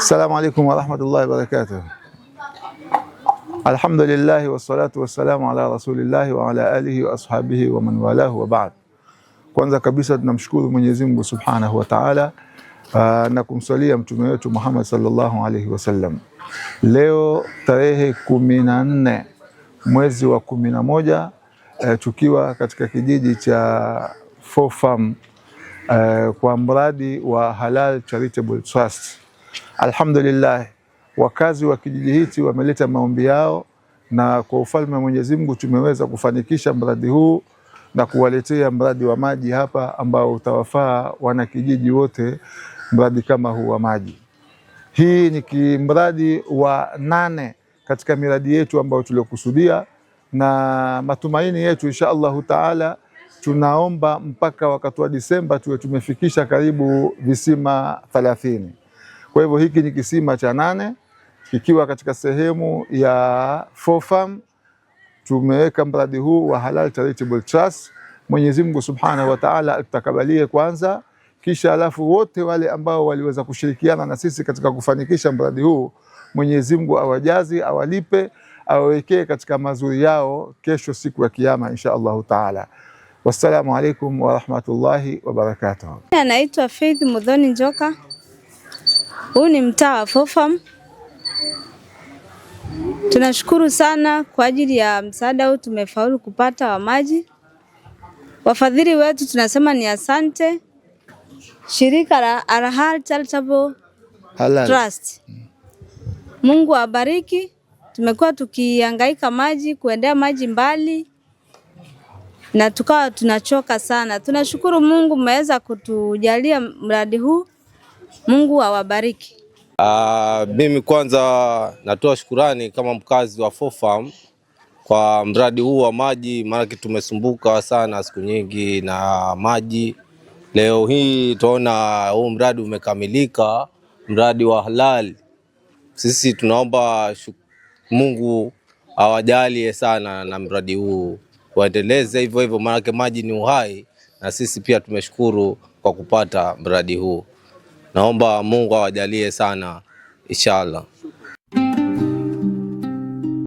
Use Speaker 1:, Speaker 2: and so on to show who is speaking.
Speaker 1: السلام alaikum warahmatullahi wabarakatuh. Alhamdulillahi wassalatu wassalamu ala rasulillahi على رسول alihi wa ashabihi وأصحابه ومن والاه وبعد Kwanza kabisa tunamshukuru Mwenyezi Mungu Subhanahu wa Ta'ala ah, na kumswalia mtume wetu Muhammad sallallahu alaihi wasallam. Leo tarehe kumi na nne mwezi wa kumi na moja e, tukiwa katika kijiji cha e, kwa mradi wa Halal Charitable Trust Alhamdulillah, wakazi wa kijiji hichi wameleta maombi yao, na kwa ufalme wa Mwenyezi Mungu tumeweza kufanikisha mradi huu na kuwaletea mradi wa maji hapa ambao utawafaa wanakijiji wote. Mradi kama huu wa maji, hii ni kimradi wa nane katika miradi yetu ambayo tuliokusudia, na matumaini yetu insha Allahu taala tunaomba mpaka wakati wa Disemba tuwe tumefikisha karibu visima thalathini. Kwa hivyo hiki ni kisima cha nane kikiwa katika sehemu ya Fofarm. Tumeweka mradi huu wa Halal Charitable Trust. Mwenyezi Mungu Subhanahu wa Ta'ala atutakabalie kwanza, kisha alafu wote wale ambao waliweza kushirikiana na sisi katika kufanikisha mradi huu Mwenyezi Mungu awajazi, awalipe, awawekee katika mazuri yao kesho siku ya Kiyama insha Allahu Ta'ala. Wassalamu alaikum wa rahmatullahi wa barakatuh.
Speaker 2: Anaitwa Faith Mudhoni Njoka. Huu ni mtaa wa fofam Tunashukuru sana kwa ajili ya msaada huu, tumefaulu kupata wa maji. Wafadhili wetu tunasema ni asante. Shirika la Al Charitable Halal Trust, Mungu awabariki. Tumekuwa tukihangaika maji, kuendea maji mbali na tukawa tunachoka sana. Tunashukuru Mungu mmeweza kutujalia mradi huu. Mungu awabariki.
Speaker 3: Uh, mimi kwanza natoa shukurani kama mkazi wa Farm kwa mradi huu wa maji, maanake tumesumbuka sana siku nyingi na maji. Leo hii tunaona huu mradi umekamilika, mradi wa halali. Sisi tunaomba Mungu awajalie sana na mradi huu waendeleze hivyo hivyo, maanake maji ni uhai, na sisi pia tumeshukuru kwa kupata mradi huu. Naomba Mungu awajalie sana inshallah.